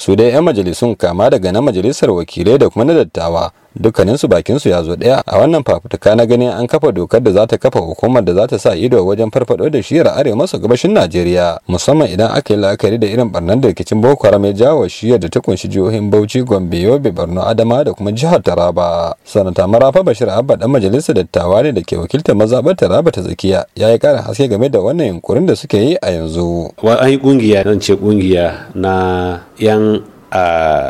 su dai 'yan majalisun kama daga na majalisar wakilai da kuma na dattawa dukkaninsu bakinsu ya zo ɗaya a wannan fafutuka na ganin an kafa dokar da za ta kafa hukumar da za ta sa ido wajen farfado da shiyar arewa maso gabashin najeriya musamman idan aka yi la'akari da irin barnar da rikicin boko haram ya jawo shiyar da ta kunshi jihohin bauchi gombe yobe borno adama da kuma jihar taraba sanata marafa bashir abba dan majalisar dattawa ne da ke wakiltar mazaɓar taraba ta zakiya ya yi ƙarin haske game da wannan yunkurin da suke yi a yanzu. wa an yi nan ce ƙungiya na yan a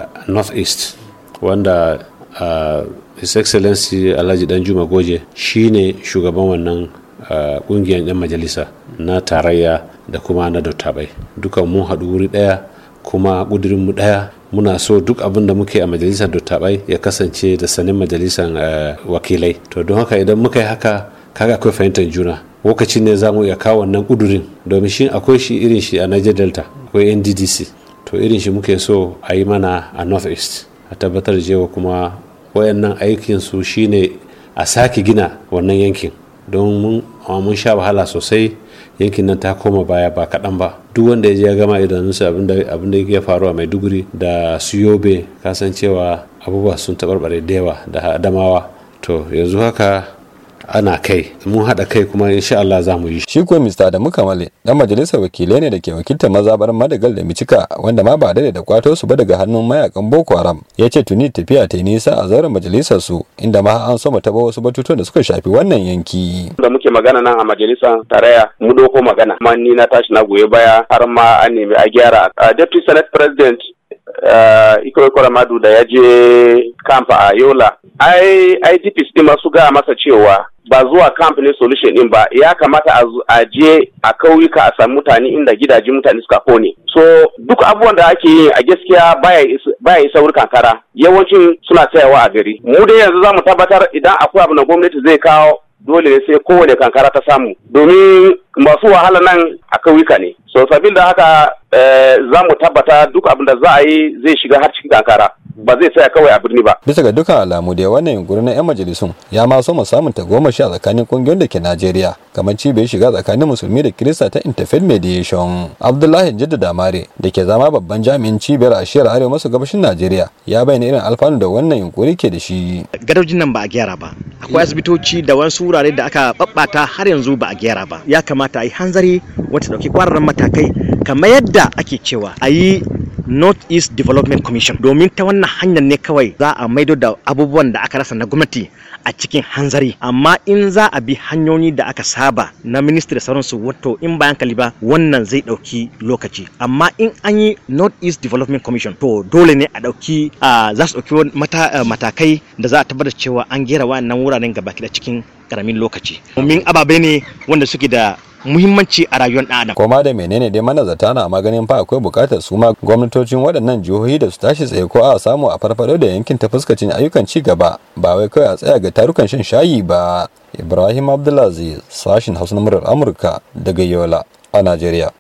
uh, north east wanda uh, his excellency alhaji dan danjuma goje shine shugaban wannan uh, kungiyar yan majalisa na tarayya da kuma na dattabai dukan mun haɗu wuri ɗaya kuma mu ɗaya muna so duk abin da muke a majalisar dattabai ya kasance da sanin majalisar wakilai to don haka idan muka yi haka kaga akwai fahimtar juna lokacin ne za mu iya kawo wannan kudurin domin shi akwai shi irin shi a niger delta akwai nddc to irin shi muke so a yi mana a north east a tabbatar jewa kuma wayannan aikinsu shine a sake gina wannan yankin don mun sha wahala sosai yankin nan ta koma baya ba kaɗan ba duk wanda ya je ya gama idanunsa abinda ya faru a maiduguri da su yobe kasancewa abubuwa sun taɓarɓare da yawa da adamawa to yanzu haka ana kai mun haɗa kai kuma insha Allah za mu yi shi ko mista da mukamale dan majalisar wakilai ne da ke wakiltar mazabar madagal da micika wanda ma ba da da kwato su ba daga hannun mayakan boko haram ya ce tuni tafiya ta nisa a zauren majalisar su inda ma an soma taba wasu batutuwan da suka shafi wannan yanki da muke magana nan a majalisar tarayya mu doko magana amma ni na tashi na goye baya har ma an nemi a gyara deputy senate president uh, Iko da ya je kamfa a yola ai idps ɗin masu ga masa cewa ba zuwa kamfanin solution din ba ya kamata a je a kauyuka a sami mutane inda gidaje mutane suka kone so duk abubuwan da ake yi a gaskiya baya isa wurin kankara yawancin suna tsayawa a gari mu dai yanzu za mu tabbatar idan akwai abu na gwamnati zai kawo dole ne sai kowane kankara ta samu domin masu wahala nan a kauyuka ne so sabin da haka eh, za mu tabbata duk abin da za a yi zai shiga har cikin kankara ba zai tsaya kawai a birni ba. Bisa ga dukkan alamu da wannan yunkuri na 'yan majalisun ya ma so samun tagomashi a tsakanin kungiyoyin da ke Najeriya kamar cibiyar shiga tsakanin musulmi da kirista ta Interfaith Mediation. Abdullahi Jidda Damare da ke zama babban jami'in cibiyar a shiyar arewa maso gabashin Najeriya ya bayyana irin alfanu da wannan yunkuri ke da shi. Gadojin nan ba a gyara ba. Akwai asibitoci da wasu wurare da aka babbata har yanzu ba a gyara ba. Ya kamata a yi hanzari wata dauki kwararren matakai kamar yadda ake cewa a yi north east development commission domin ta wannan hanyar ne kawai za a maido da abubuwan da aka rasa na gwamnati a cikin hanzari amma in za a bi hanyoyi da aka saba na ministry da su wato in bayan kaliba wannan zai dauki lokaci amma in an yi north east development commission to dole ne a dauki za su dauki matakai da za a tabbatar cewa an gera wa'annan wuraren gaba cikin karamin lokaci domin ababe ne wanda suke da muhimmanci a rayuwar ɗan adam. Koma da menene dai zata na maganin fa akwai bukatar su ma gwamnatocin waɗannan jihohi da su tashi tsaye ko a samu a farfaɗo da yankin ta fuskacin ayyukan ci gaba ba wai kawai a tsaya ga tarukan shan shayi ba. Ibrahim Abdulaziz sashin Hausa na Amurka daga Yola a Najeriya.